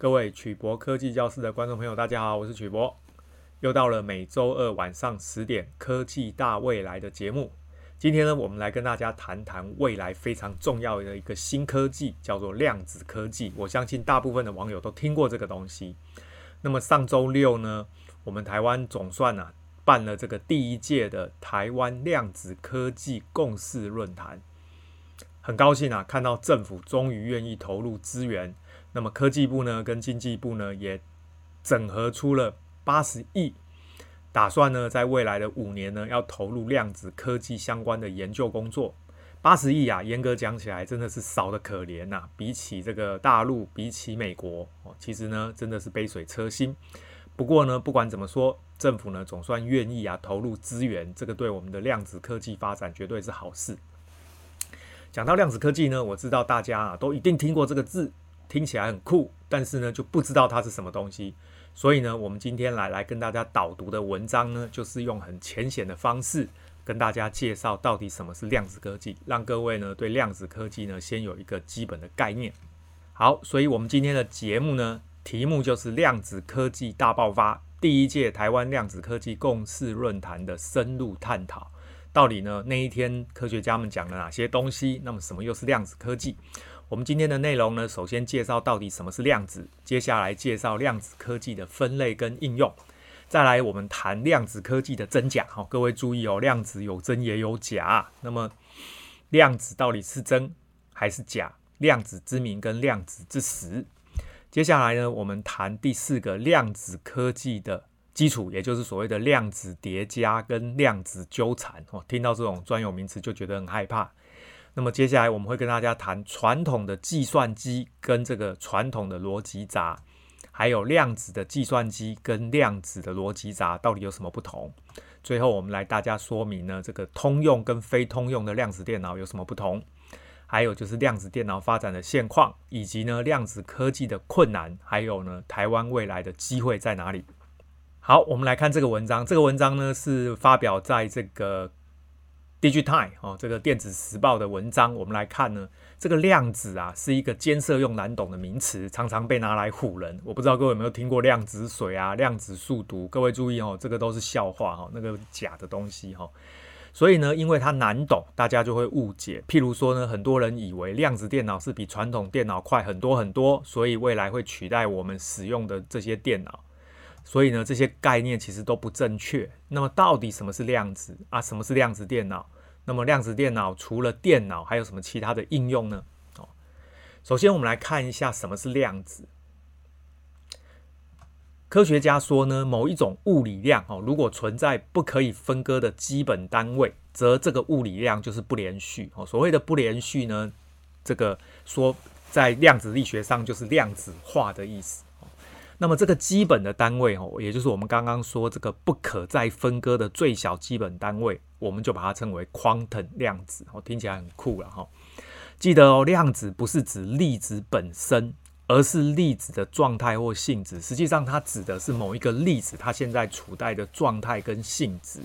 各位曲博科技教室的觀眾朋友，大家好，我是曲博。又到了每週二晚上十點科技大未來的節目。今天呢，我們來跟大家談談未來非常重要的一個新科技，叫做量子科技。我相信大部分的網友都聽過這個東西。那麼上週六呢，我們台灣總算啊辦了這個第一屆的台灣量子科技共識論壇。很高興啊，看到政府終於願意投入資源。那麼科技部呢，跟經濟部呢，也整合出了八十億，打算呢，在未來的五年呢，要投入量子科技相關的研究工作。八十億啊，嚴格講起來，真的是少得可憐吶，啊。比起這個大陸，比起美國，哦，其實呢，真的是杯水車薪。不過呢，不管怎麼說，政府呢，總算願意啊，投入資源，這個對我們的量子科技發展絕對是好事。講到量子科技呢，我知道大家啊，都一定聽過這個字。聽起來很酷，但是呢，就不知道它是什麼東西。所以呢，我們今天來來跟大家導讀的文章呢，就是用很淺顯的方式跟大家介紹，到底什麼是量子科技，讓各位呢對量子科技呢先有一個基本的概念。好，所以我們今天的節目呢，題目就是量子科技大爆發，第一屆台灣量子科技共識論壇的深入探討。到底呢，那一天科學家們講了哪些東西？那麼什麼又是量子科技？我們今天的內容呢，首先介紹到底什麼是量子，接下來介紹量子科技的分類跟應用，再來我們談量子科技的真假。哈、哦，各位注意哦，量子有真也有假。那麼量子到底是真還是假？量子之名跟量子之實。接下來呢，我們談第四個量子科技的基礎，也就是所謂的量子疊加跟量子糾纏。哦，聽到這種專有名詞就覺得很害怕。那麼接下來我們會跟大家談傳統的計算機跟這個傳統的邏輯閘，還有量子的計算機跟量子的邏輯閘到底有什麼不同？最後我們來大家說明呢，這個通用跟非通用的量子電腦有什麼不同？還有就是量子電腦發展的現況，以及呢量子科技的困難，還有呢台灣未來的機會在哪裡？好，我們來看這個文章，這個文章呢是發表在這個。《DIGITIMES》哦，這個電子時報的文章，我們來看呢，這個量子啊是一個艱澀又難懂的名詞，常常被拿來唬人。我不知道各位有沒有聽過量子水啊、量子速讀，各位注意哦，這個都是笑話哈、哦，那個假的東西哈、哦。所以呢，因為它難懂，大家就會誤解。譬如說呢，很多人以為量子電腦是比傳統電腦快很多很多，所以未來會取代我們使用的這些電腦。所以呢，這些概念其實都不正確。那麼，到底什麼是量子啊？什麼是量子電腦？那麼，量子電腦除了電腦，還有什麼其他的應用呢？哦，首先我們來看一下什麼是量子。科學家說呢，某一種物理量哦，如果存在不可以分割的基本單位，則這個物理量就是不連續哦。所謂的不連續呢，這個說在量子力學上就是量子化的意思。那麼這個基本的單位哈、哦，也就是我們剛剛說這個不可再分割的最小基本單位，我們就把它稱為 quantum 量子，聽起來很酷了哈。記得哦，量子不是指粒子本身，而是粒子的狀態或性質。實際上，它指的是某一個粒子它現在處在的狀態跟性質。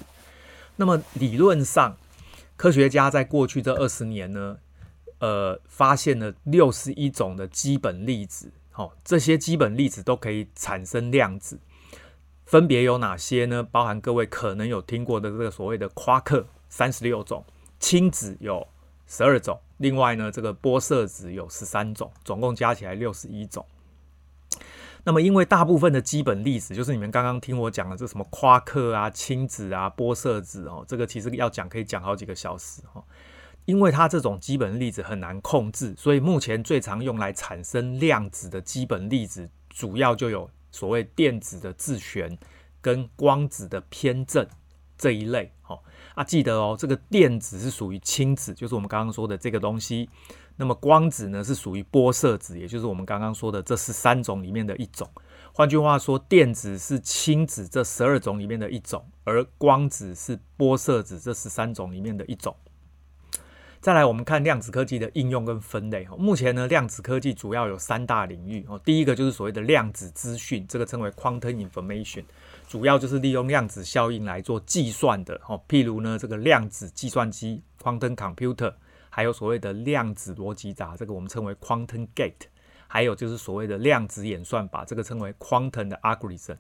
那麼理論上，科學家在過去這二十年呢，呃，發現了六十一種的基本粒子。好，這些基本粒子都可以產生量子，分別有哪些呢？包含各位可能有聽過的這個所謂的夸克三十六種，輕子有十二種，另外呢，這個玻色子有十三種，總共加起來六十一種。那麼，因為大部分的基本粒子，就是你們剛剛聽我講的這什麼夸克啊、輕子啊、玻色子哦，這個其實要講可以講好幾個小時，哦。因為它這種基本粒子很難控制，所以目前最常用來產生量子的基本粒子，主要就有所謂電子的自旋跟光子的偏振這一類。哦。啊，記得哦，這個電子是屬於輕子，就是我們剛剛說的這個東西。那麼光子呢，是屬於玻色子，也就是我們剛剛說的這十三種裡面的一種。換句話說，電子是輕子這十二種裡面的一種，而光子是玻色子這十三種裡面的一種。再來，我們看量子科技的應用跟分類。目前呢，量子科技主要有三大領域。哦，第一個就是所謂的量子資訊，這個稱為 quantum information，主要就是利用量子效應來做計算的。哦，譬如呢，這個量子計算機 quantum computer，還有所謂的量子邏輯閘，這個我們稱為 quantum gate，還有就是所謂的量子演算法，把這個稱為 quantum 的 algorithm。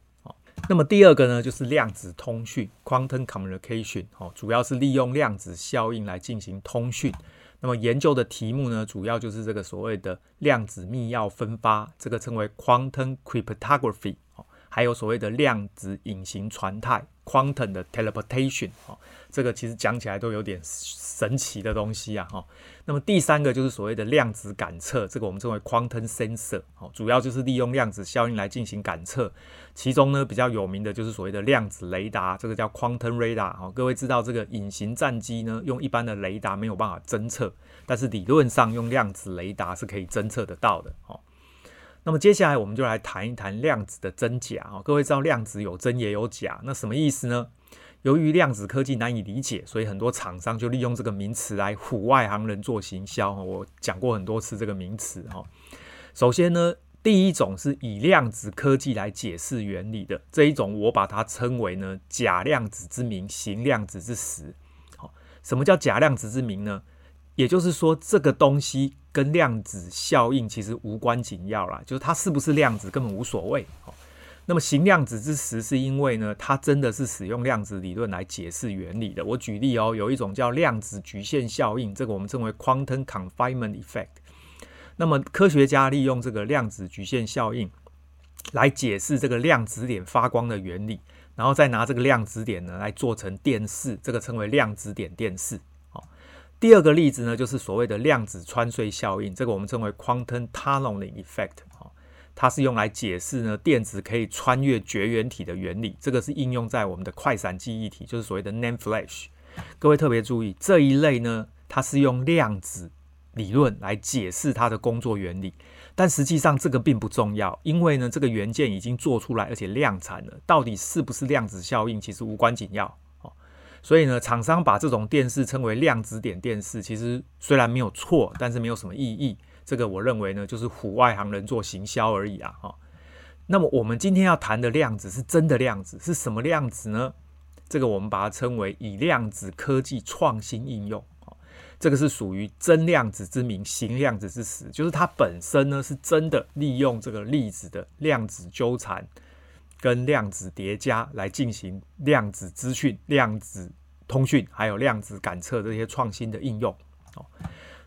那麼第二個呢，就是量子通訊 （quantum communication） 哦，主要是利用量子效應來進行通訊。那麼研究的題目呢，主要就是這個所謂的量子密鑰分發，這個稱為 quantum cryptography 哦。還有所謂的量子隱形傳態 （quantum 的 teleportation） 哈、哦，這個其實講起來都有點神奇的東西啊哈、哦。那麼第三個就是所謂的量子感測，這個我們稱為 quantum sensor、哦、主要就是利用量子效應來進行感測。其中呢比較有名的就是所謂的量子雷達，這個叫 quantum radar 哈、哦。各位知道這個隱形戰機呢，用一般的雷達沒有辦法偵測，但是理論上用量子雷達是可以偵測得到的、哦。那麼接下來我們就來談一談量子的真假哦！各位知道量子有真也有假，那什麼意思呢？由於量子科技難以理解，所以很多廠商就利用這個名詞來唬外行人做行銷。我講過很多次這個名詞哈。首先呢，第一種是以量子科技來解釋原理的這一種，我把它稱為呢假量子之名，行量子之實。好，什麼叫假量子之名呢？也就是說，這個東西跟量子效應其實無關緊要啦。就是它是不是量子根本無所謂。那麼行量子之時是因為呢，它真的是使用量子理論來解釋原理的。我舉例哦，有一種叫量子局限效應，這個我們稱為 Quantum Confinement Effect。那麼科學家利用這個量子局限效應來解釋這個量子點發光的原理，然後再拿這個量子點呢來做成電視，這個稱為量子點電視。第二個例子呢，就是所謂的量子穿隧效應，這個我們稱為 quantum tunneling effect，哦，它是用來解釋呢電子可以穿越絕緣體的原理。這個是應用在我們的快閃記憶體，就是所謂的 NAND flash。各位特別注意，這一類呢，它是用量子理論來解釋它的工作原理，但實際上這個並不重要，因為呢這個元件已經做出來而且量產了，到底是不是量子效應，其實無關緊要。所以呢，廠商把這種電視稱為量子點電視，其實雖然沒有錯，但是沒有什麼意義。這個我認為呢，就是唬外行人做行銷而已啊。哈、哦，那麼我們今天要談的量子是真的量子，是什麼量子呢？這個我們把它稱為以量子科技創新應用，哈、哦，這個是屬於真量子之名，行量子之實，就是它本身呢是真的利用這個粒子的量子糾纏。跟量子疊加來進行量子資訊、量子通訊，還有量子感測這些創新的應用哦。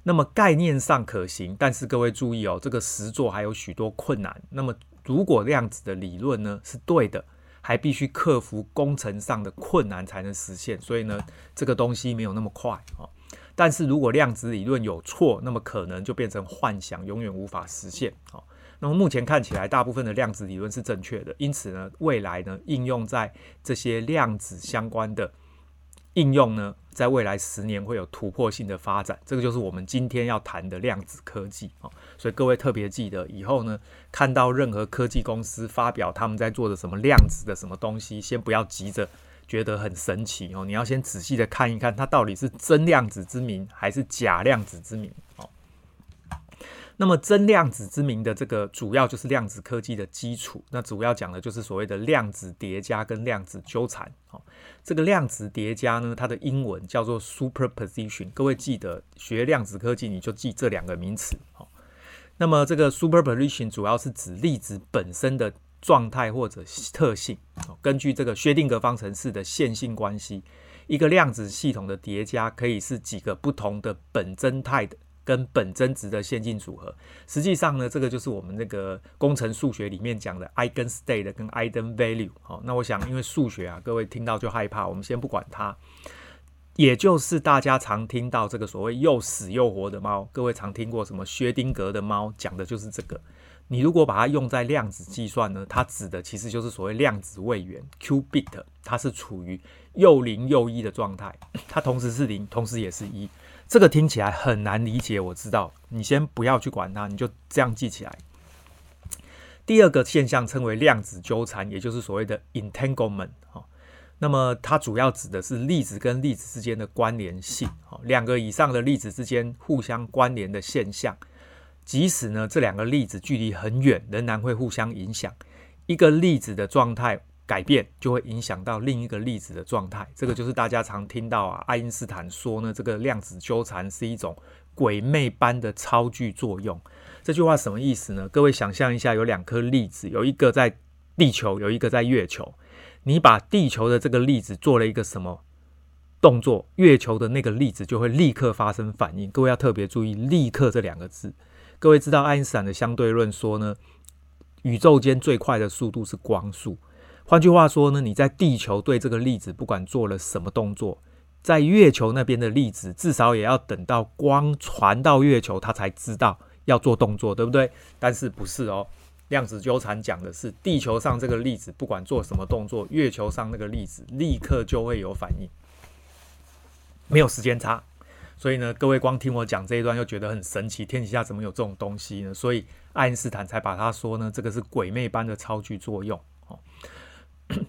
那麼概念上可行，但是各位注意哦，這個實作還有許多困難。那麼如果量子的理論呢是對的，還必須克服工程上的困難才能實現。所以呢，這個東西沒有那麼快哦。但是如果量子理論有錯，那麼可能就變成幻想，永遠無法實現哦。那麼目前看起來，大部分的量子理論是正確的。因此呢，未來呢，應用在這些量子相關的應用呢，在未來十年會有突破性的發展。這個就是我們今天要談的量子科技哦。所以各位特別記得，以後呢，看到任何科技公司發表他們在做的什麼量子的什麼東西，先不要急着覺得很神奇哦，你要先仔細的看一看，它到底是真量子之名還是假量子之名。那麼真量子之名的這個主要就是量子科技的基礎，那主要講的就是所謂的量子疊加跟量子糾纏。這個量子疊加呢，它的英文叫做 superposition。各位記得學量子科技，你就記這兩個名詞。那麼這個 superposition 主要是指粒子本身的狀態或者特性。根據這個薛定諤方程式的線性關係，一個量子系統的疊加可以是幾個不同的本徵態的跟本徵值的線性組合，實際上呢，這個就是我們那個工程數學裡面講的 eigen state 跟 eigen value 好、哦，那我想因為數學啊，各位聽到就害怕，我們先不管它，也就是大家常聽到這個所謂又死又活的貓，各位常聽過什麼薛丁格的貓，講的就是這個。你如果把它用在量子計算呢，它指的其實就是所謂量子位元 q bit，它是處於又零又一的狀態，它同時是零，同時也是一。這個聽起來很難理解，我知道，你先不要去管它，你就這樣記起來。第二個現象稱為量子糾纏，也就是所謂的 entanglement。哦，那麼它主要指的是粒子跟粒子之間的關聯性，哦，兩個以上的粒子之間互相關聯的現象，即使呢這兩個粒子距離很遠，仍然會互相影響一個粒子的狀態改變就會影響到另一個粒子的狀態，這個就是大家常聽到啊，愛因斯坦說呢，這個量子糾纏是一種鬼魅般的超具作用。這句話什麼意思呢？各位想象一下，有兩顆粒子，有一個在地球，有一個在月球。你把地球的這個粒子做了一個什麼動作，月球的那個粒子就會立刻發生反應。各位要特別注意“立刻”這兩個字。各位知道愛因斯坦的相對論說呢，宇宙間最快的速度是光速。換句話說呢，你在地球對這個粒子不管做了什麼動作，在月球那邊的粒子至少也要等到光傳到月球，它才知道要做動作，對不對？但是不是哦？量子糾纏講的是地球上這個粒子不管做什麼動作，月球上那個粒子立刻就會有反應，沒有時間差。所以呢，各位光聽我講這一段又覺得很神奇，天底下怎麼有這種東西呢？所以愛因斯坦才把它說呢，這個是鬼魅般的超距作用哦。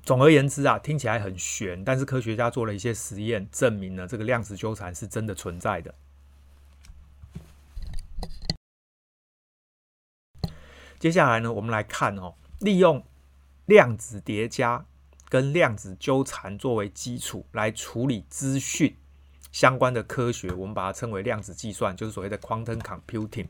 總而言之啊，聽起來很玄，但是科學家做了一些實驗證明了這個量子糾纏是真的存在的。接下來呢，我們來看哦，利用量子疊加跟量子糾纏作為基礎來處理資訊相關的科學，我們把它稱為量子計算，就是所謂的 quantum computing。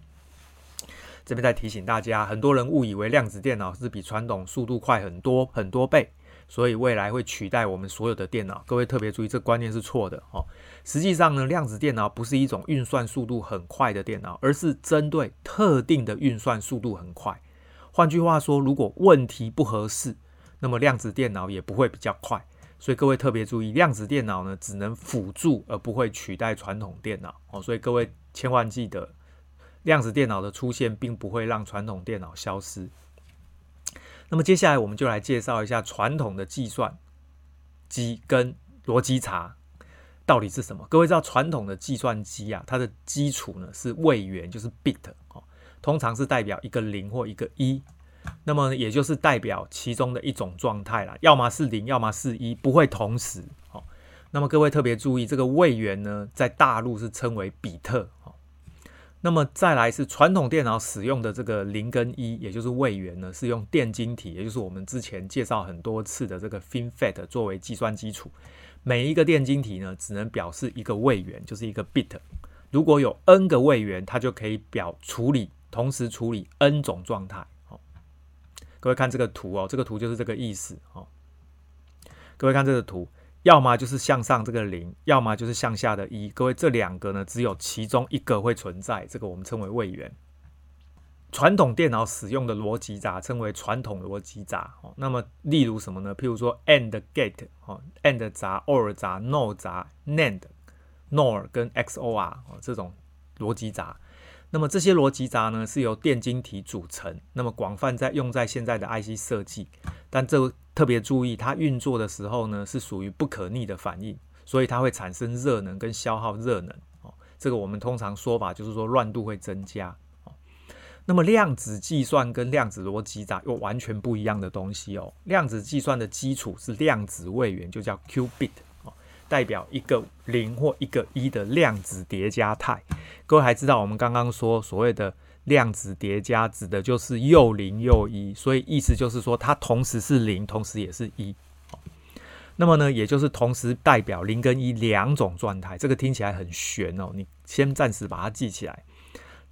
這邊再提醒大家，很多人誤以為量子電腦是比傳統速度快很多很多倍。所以未來會取代我們所有的電腦，各位特別注意，這個觀念是錯的哦。實際上呢，量子電腦不是一種運算速度很快的電腦，而是針對特定的運算速度很快。換句話說，如果問題不合適，那麼量子電腦也不會比較快。所以各位特別注意，量子電腦呢，只能輔助而不會取代傳統電腦哦。所以各位千萬記得，量子電腦的出現並不會讓傳統電腦消失。那麼接下來我們就來介紹一下傳統的計算機跟邏輯閘到底是什麼。各位知道傳統的計算機啊，它的基礎呢是位元，就是 bit 哦，通常是代表一個零或一個一，那麼也就是代表其中的一種狀態了，要麼是零，要麼是一，不會同時哦。那麼各位特別注意，這個位元呢，在大陸是稱為比特。那麼再來是傳統電腦使用的這個零跟一，也就是位元呢，是用電晶體，也就是我們之前介紹很多次的這個 FinFET 作為計算基礎。每一個電晶體呢，只能表示一個位元，就是一個 bit。如果有 n 個位元，它就可以表處理，同時處理 n 種狀態。好，各位看這個圖哦，這個圖就是這個意思哦。各位看這個圖。要麼就是向上這個零，要麼就是向下的一。各位，這兩個呢，只有其中一個會存在，這個我們稱為位元。傳統電腦使用的邏輯閘稱為傳統邏輯閘。哦，那麼例如什麼呢？譬如說 and gate，哦 and 閘、or 閘、no 閘、nand、nor 跟 xor 哦，這種邏輯閘。那麼這些邏輯閘呢，是由電晶體組成，那麼廣泛在用在現在的 IC 設計。但這特別注意，它運作的時候呢，是屬於不可逆的反應，所以它會產生熱能跟消耗熱能。哦，這個我們通常說法就是說亂度會增加。哦，那麼量子計算跟量子邏輯閘又完全不一樣的東西哦。量子計算的基礎是量子位元，就叫 qubit，代表一個零或一個一的量子疊加態。各位還知道，我們剛剛說所謂的量子疊加，指的就是又零又一，所以意思就是說它同時是零，同時也是一。那麼呢，也就是同時代表零跟一兩種狀態。這個聽起來很玄哦，你先暫時把它記起來。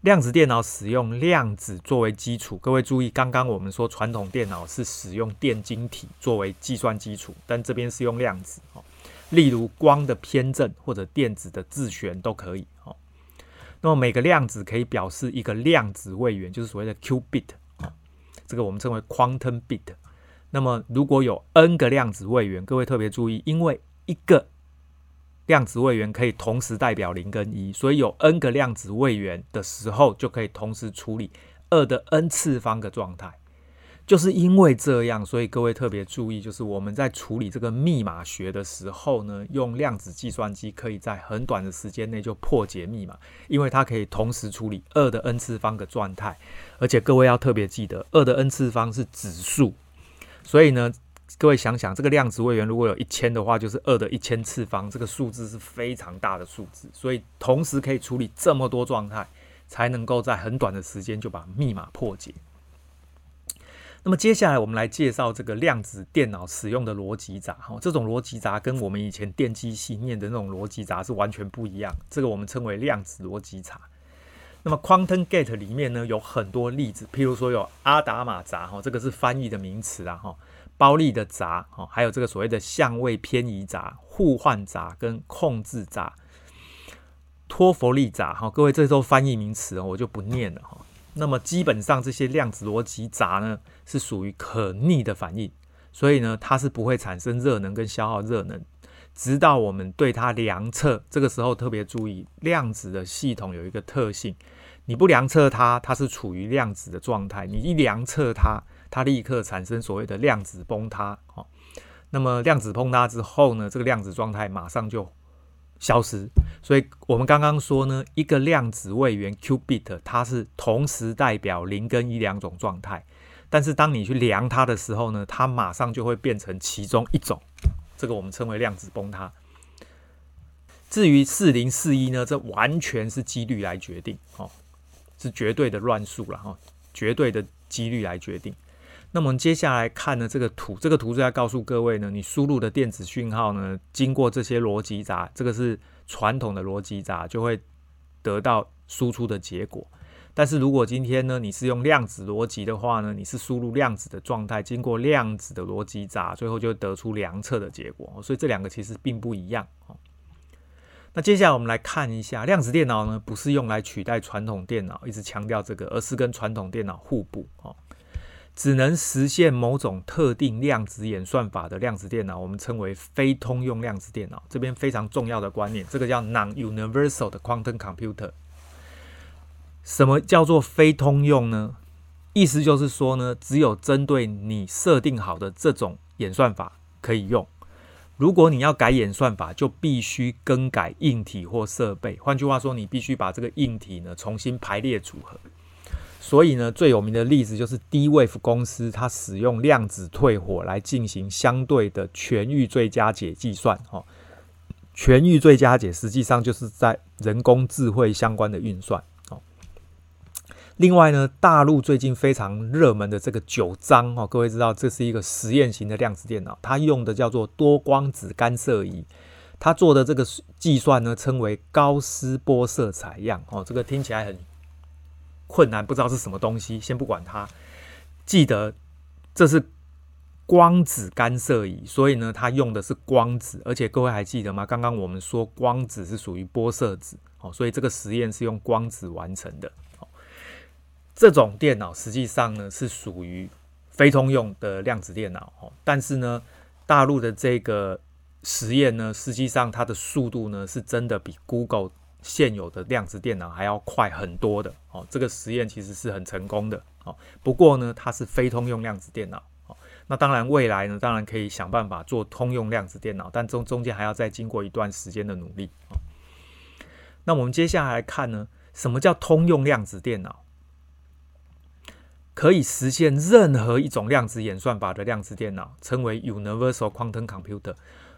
量子電腦使用量子作為基礎，各位注意，剛剛我們說傳統電腦是使用電晶體作為計算基礎，但這邊是用量子哦。例如光的偏振或者電子的自旋都可以。哦，那麼每個量子可以表示一個量子位元，就是所謂的 q bit，這個我們稱為 quantum bit。那麼如果有 n 個量子位元，各位特別注意，因為一個量子位元可以同時代表零跟一，所以有 n 個量子位元的時候，就可以同時處理二的 n 次方個狀態。就是因為這樣，所以各位特別注意，就是我們在處理這個密碼學的時候呢，用量子計算機可以在很短的時間內就破解密碼，因為它可以同時處理二的 n 次方個狀態。而且各位要特別記得，二的 n 次方是指數，所以呢，各位想想，這個量子位元如果有一千的話，就是二的一千次方，這個數字是非常大的數字，所以同時可以處理這麼多狀態，才能夠在很短的時間就把密碼破解。那麼接下來我們來介紹這個量子電腦使用的邏輯閘。哈，這種邏輯閘跟我們以前電機系唸的那種邏輯閘是完全不一樣。這個我們稱為量子邏輯閘。那麼 quantum gate 裡面呢，有很多例子，譬如說有阿達瑪閘，哈，這個是翻譯的名詞啊，哈，包立的閘，哈，還有這個所謂的相位偏移閘、互換閘跟控制閘、托佛利閘。好，各位這些都翻譯名詞哦，我就不唸了。哈。那麼基本上這些量子邏輯閘呢，是屬於可逆的反應，所以呢，它是不會產生熱能跟消耗熱能。直到我們對它量測，這個時候特別注意，量子的系統有一個特性，你不量測它，它是處於量子的狀態；你一量測它，它立刻產生所謂的量子崩塌。哦，那麼量子崩塌之後呢，這個量子狀態馬上就消失，所以我們剛剛說呢，一個量子位元 （qubit） 它是同時代表零跟一兩種狀態，但是當你去量它的時候呢，它馬上就會變成其中一種，這個我們稱為量子崩塌。至於四零四一呢，這完全是幾率來決定，哦，是絕對的亂數了，哦，絕對的幾率來決定。那麼我們接下來看的這個圖，這個圖是要告訴各位呢，你輸入的電子訊號呢，經過這些邏輯閘，這個是傳統的邏輯閘，就會得到輸出的結果。但是如果今天呢，你是用量子邏輯的話呢，你是輸入量子的狀態，經過量子的邏輯閘，最後就得出量測的結果。所以這兩個其實並不一樣。那接下來我們來看一下，量子電腦呢不是用來取代傳統電腦，一直強調這個，而是跟傳統電腦互補。只能實現某種特定量子演算法的量子電腦，我們稱為非通用量子電腦。這邊非常重要的觀念，這個叫 non-universal 的 quantum computer。什麼叫做非通用呢？意思就是說呢，只有針對你設定好的這種演算法可以用。如果你要改演算法，就必須更改硬體或設備。換句話說，你必須把這個硬體呢重新排列組合。所以呢，最有名的例子就是 D-Wave 公司，它使用量子退火來進行相對的全域最佳解計算。哦，全域最佳解實際上就是在人工智慧相關的運算。哦，另外呢，大陸最近非常熱門的這個九章，哦，各位知道這是一個實驗型的量子電腦，它用的叫做多光子干涉儀，它做的這個計算呢稱為高斯波色採樣。哦，這個聽起來很困難，不知道是什麼東西，先不管它。記得這是光子干涉儀，所以呢，它用的是光子。而且各位還記得嗎？剛剛我們說光子是屬於玻色子，哦，所以這個實驗是用光子完成的。哦，這種電腦實際上呢是屬於非通用的量子電腦。哦，但是呢，大陸的這個實驗呢，實際上它的速度呢是真的比 Google。現有的量子電腦還要快很多的哦，這個實驗其實是很成功的哦。不過呢，它是非通用量子電腦哦。那當然，未來呢，當然可以想辦法做通用量子電腦，但中中間還要再經過一段時間的努力。那我們接下來來看呢，什麼叫通用量子電腦？可以實現任何一種量子演算法的量子電腦，稱為 universal quantum computer。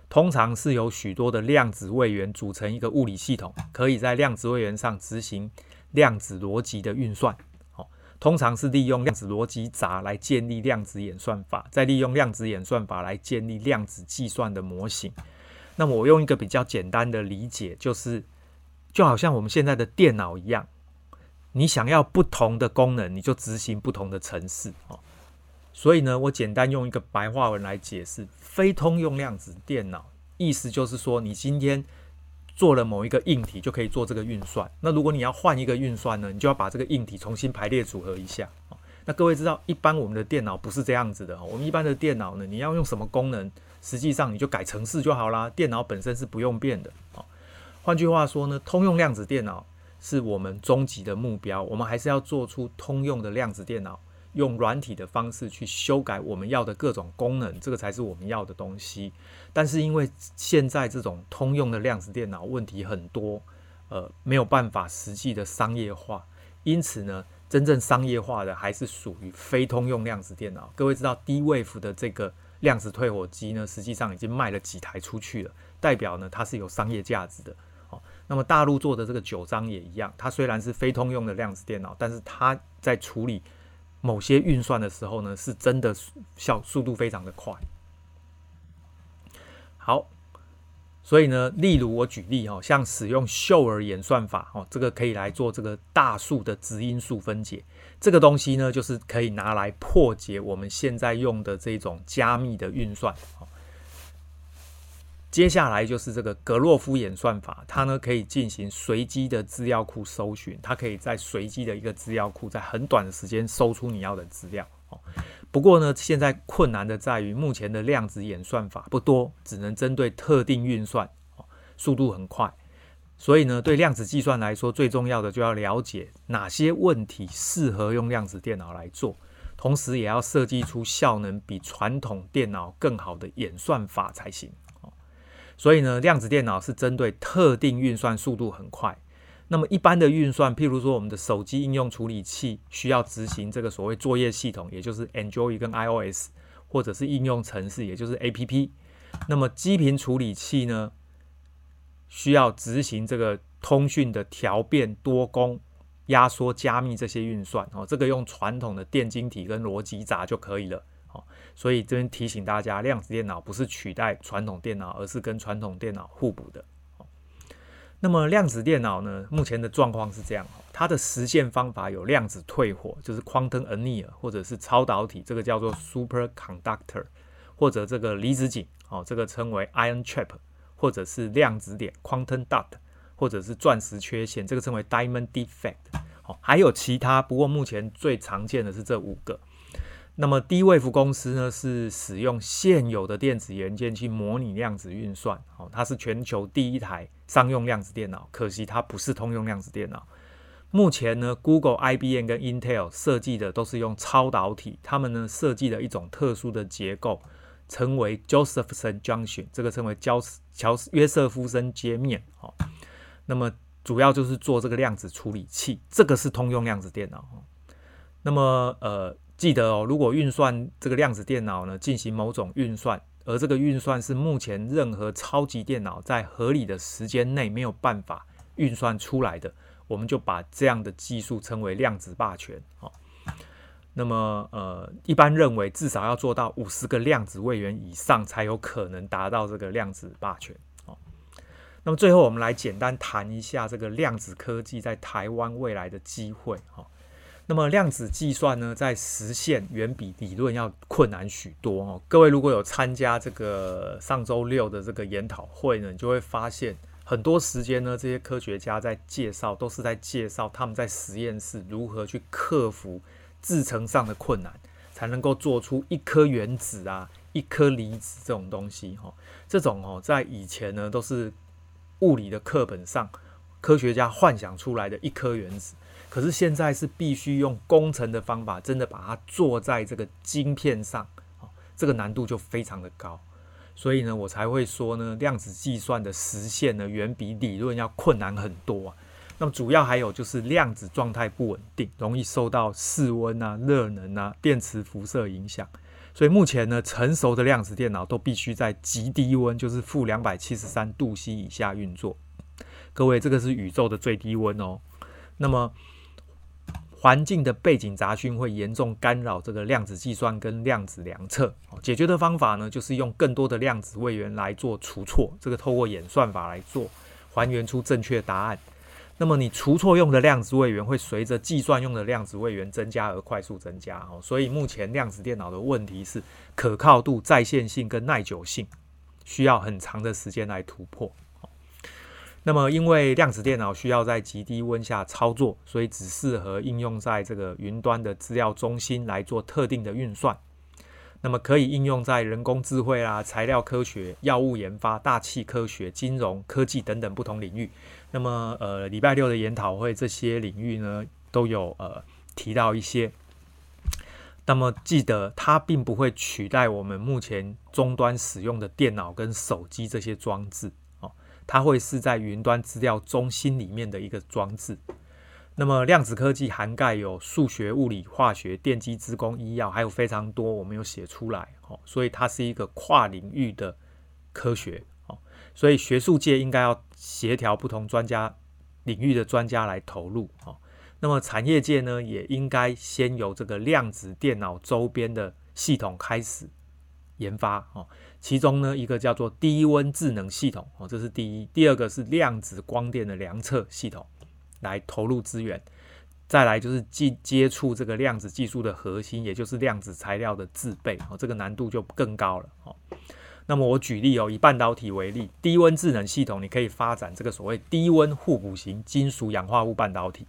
通常是由許多的量子位元組成一個物理系統，可以在量子位元上執行量子邏輯的運算。好，哦，通常是利用量子邏輯閘來建立量子演算法，再利用量子演算法來建立量子計算的模型。那麼我用一個比較簡單的理解，就是就好像我們現在的電腦一樣，你想要不同的功能，你就執行不同的程式。哦。所以呢，我簡單用一個白話文來解釋，非通用量子電腦，意思就是說，你今天做了某一個硬體就可以做這個運算。那如果你要換一個運算呢，你就要把這個硬體重新排列組合一下。那各位知道，一般我們的電腦不是這樣子的。我們一般的電腦呢，你要用什麼功能，實際上你就改程式就好啦。電腦本身是不用變的。啊，換句話說呢，通用量子電腦是我們終極的目標，我們還是要做出通用的量子電腦。用軟體的方式去修改我們要的各種功能，這個才是我們要的東西。但是因為現在這種通用的量子電腦問題很多，呃，沒有辦法實際的商業化，因此呢，真正商業化的還是屬於非通用量子電腦。各位知道，D-Wave 的這個量子退火機呢，實際上已經賣了幾台出去了，代表呢它是有商業價值的。好、哦，那麼大陸做的這個九章也一樣，它雖然是非通用的量子電腦，但是它在處理。某些運算的時候呢，是真的效速度非常的快。好，所以呢，例如我舉例哦，像使用秀爾演算法哦，這個可以來做這個大數的質因數分解，這個東西呢，就是可以拿來破解我們現在用的這種加密的運算。接下來就是這個格洛夫演算法，它呢可以進行隨機的資料庫搜尋，它可以在隨機的一個資料庫，在很短的時間搜出你要的資料。不過呢，現在困難的在於，目前的量子演算法不多，只能針對特定運算，速度很快。所以呢，對量子計算來說，最重要的就要了解哪些問題適合用量子電腦來做，同時也要設計出效能比傳統電腦更好的演算法才行。所以呢，量子電腦是針對特定運算，速度很快。那麼一般的運算，譬如說我們的手機應用處理器需要執行這個所謂作業系統，也就是 Android 跟 iOS，或者是應用程式，也就是 APP。那麼基頻處理器呢，需要執行這個通訊的調變、多工、壓縮、加密這些運算哦，這個用傳統的電晶體跟邏輯閘就可以了。哦，所以這邊提醒大家，量子電腦不是取代傳統電腦，而是跟傳統電腦互補的。那麼量子電腦呢，目前的狀況是這樣，它的實現方法有量子退火，就是 quantum annealing 或者是超導體，這個叫做 superconductor，或者這個離子阱，哦，這個稱為 ion trap，或者是量子點 quantum dot，或者是鑽石缺陷，這個稱為 diamond defect。哦，還有其他，不過目前最常見的是這五個。那麼，D-Wave 公司呢，是使用現有的電子元件去模擬量子運算，哦，它是全球第一台商用量子電腦，可惜它不是通用量子電腦。目前呢，Google、IBM 跟 Intel 設計的都是用超導體，他們呢設計了一種特殊的結構，稱為 Josephson Junction，這個稱為 Jose 喬約瑟夫森接面，哦，那麼主要就是做這個量子處理器，這個是通用量子電腦，哦，那麼呃。記得哦，如果運算這個量子電腦呢進行某種運算，而這個運算是目前任何超級電腦在合理的時間內沒有辦法運算出來的，我們就把這樣的技術稱為量子霸權。哦，那麼呃，一般認為至少要做到五十個量子位元以上才有可能達到這個量子霸權。哦，那麼最後我們來簡單談一下這個量子科技在台灣未來的機會。哈、哦。那麼量子計算呢，在實現遠比理論要困難許多哦。各位如果有參加這個上周六的這個研討會呢，你就會發現很多時間呢，這些科學家在介紹都是在介紹他們在實驗室如何去克服制程上的困難，才能夠做出一顆原子啊、一顆離子這種東西哦。這種哦，在以前呢，都是物理的課本上科學家幻想出來的一顆原子。可是現在是必須用工程的方法，真的把它做在這個晶片上，這個難度就非常的高，所以呢，我才會說呢，量子計算的實現呢，遠比理論要困難很多啊。那麼主要還有就是量子狀態不穩定，容易受到室溫啊、熱能啊、電磁輻射影響，所以目前呢，成熟的量子電腦都必須在極低溫，就是負兩百七十三度 C 以下運作。各位，這個是宇宙的最低溫哦。那麼。環境的背景雜訊會嚴重干擾這個量子計算跟量子量測。哦，解決的方法呢，就是用更多的量子位元來做除錯。這個透過演算法來做，還原出正確答案。那麼你除錯用的量子位元會隨着計算用的量子位元增加而快速增加。哦，所以目前量子電腦的問題是可靠度、在線性跟耐久性，需要很長的時間來突破。那麼，因為量子電腦需要在極低溫下操作，所以只適合應用在這個雲端的資料中心來做特定的運算。那麼，可以應用在人工智慧啊、材料科學、藥物研發、大氣科學、金融、科技等等不同領域。那麼，呃，禮拜六的研討會這些領域呢，都有呃提到一些。那麼，記得它並不會取代我們目前終端使用的電腦跟手機這些裝置。它會是在雲端資料中心裡面的一個裝置。那麼量子科技涵蓋有數學、物理、化學、電機、資工、醫藥，還有非常多我沒有寫出來哦。所以它是一個跨領域的科學哦。所以學術界應該要協調不同專家領域的專家來投入哦。那麼產業界呢，也應該先由這個量子電腦週邊的系統開始研發哦。其中呢，一個叫做低溫智能系統哦，這是第一；第二個是量子光電的量測系統，來投入資源。再來就是既接觸這個量子技術的核心，也就是量子材料的製備哦，這個難度就更高了哦。那麼我舉例哦，以半導體為例，低溫智能系統你可以發展這個所謂低溫互補型金屬氧化物半導體。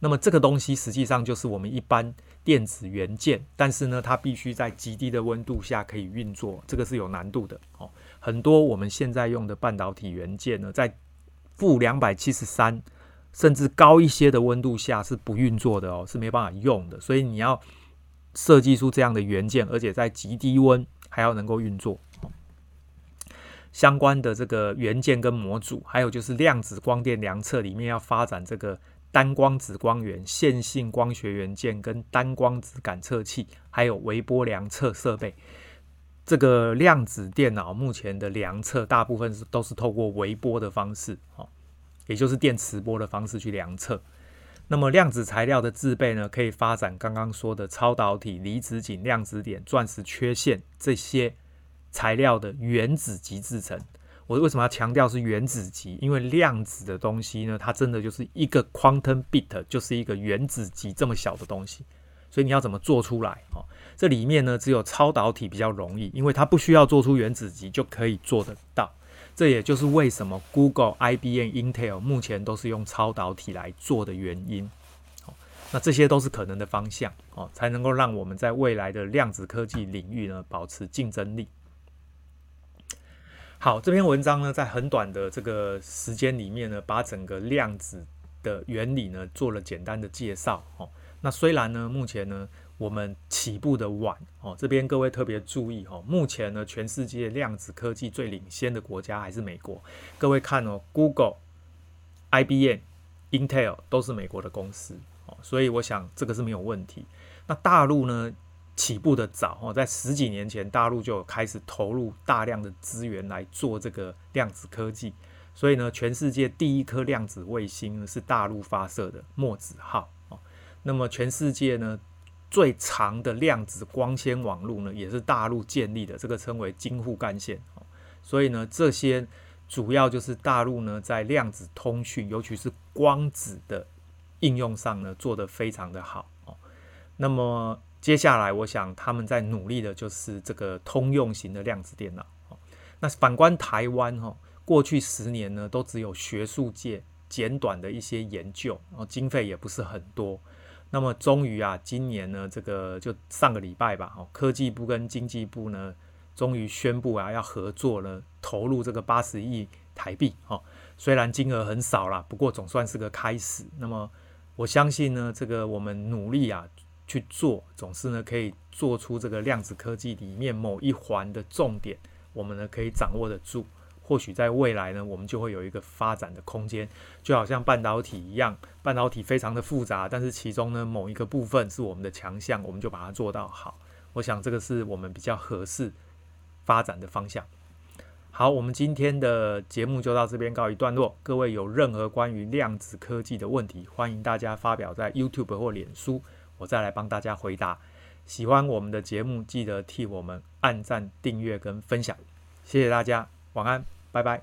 那麼這個東西實際上就是我們一般電子元件，但是呢，它必須在極低的溫度下可以運作，這個是有難度的哦。很多我們現在用的半導體元件呢，在負兩百七十三甚至高一些的溫度下是不運作的哦，是沒辦法用的。所以你要設計出這樣的元件，而且在極低溫還要能夠運作，相關的這個元件跟模組，還有就是量子光電量測裡面要發展這個。單光子光源、線性光學元件跟單光子感測器，還有微波量測設備。這個量子電腦目前的量測，大部分是都是透過微波的方式，哈，也就是電磁波的方式去量測。那麼量子材料的製備呢，可以發展剛剛說的超導體、離子阱、量子點、鑽石缺陷這些材料的原子級製程。我為什麼要強調是原子級？因為量子的東西呢，它真的就是一個 quantum bit，就是一個原子級這麼小的東西。所以你要怎麼做出來？哦，這裡面呢，只有超導體比較容易，因為它不需要做出原子級就可以做得到。這也就是為什麼 Google、IBM、Intel 目前都是用超導體來做的原因。哦，那這些都是可能的方向哦，才能夠讓我們在未來的量子科技領域呢，保持競爭力。好，這篇文章呢，在很短的這個時間裡面呢，把整個量子的原理呢做了簡單的介紹。哦，那雖然呢，目前呢我們起步的晚，哦，這邊各位特別注意，哦，目前呢全世界量子科技最領先的國家還是美國。各位看哦，Google、IBM、Intel 都是美國的公司，哦，所以我想這個是沒有問題。那大陸呢？起步的早哦，在十幾年前，大陸就開始投入大量的資源來做這個量子科技。所以呢，全世界第一顆量子衛星是大陸發射的“墨子號”哦。那麼，全世界呢最長的量子光纖網絡呢，也是大陸建立的，這個稱為“京滬幹線”。哦，所以呢，這些主要就是大陸呢在量子通訊，尤其是光子的應用上呢，做得非常的好哦。那麼。接下來，我想他們在努力的就是這個通用型的量子電腦。哦，那反觀台灣，哈，過去十年呢，都只有學術界簡短的一些研究，哦，然後經費也不是很多。那麼終於啊，今年呢，這個就上個禮拜吧，哦，科技部跟經濟部呢，終於宣布啊，要合作了，投入這個八十億台幣。哦，雖然金額很少啦，不過總算是個開始。那麼我相信呢，這個我們努力啊。去做，總是呢，可以做出這個量子科技裡面某一環的重點，我們呢，可以掌握得住，或許在未來呢，我們就會有一個發展的空間，就好像半導體一樣。半導體非常的複雜，但是其中呢，某一個部分是我們的強項，我們就把它做到好。我想這個是我們比較合適發展的方向。好，我們今天的節目就到這邊告一段落。各位有任何關於量子科技的問題，歡迎大家發表在 YouTube 或臉書。我再來幫大家回答。喜歡我們的節目，記得替我們按讚、訂閱跟分享。謝謝大家，晚安，拜拜。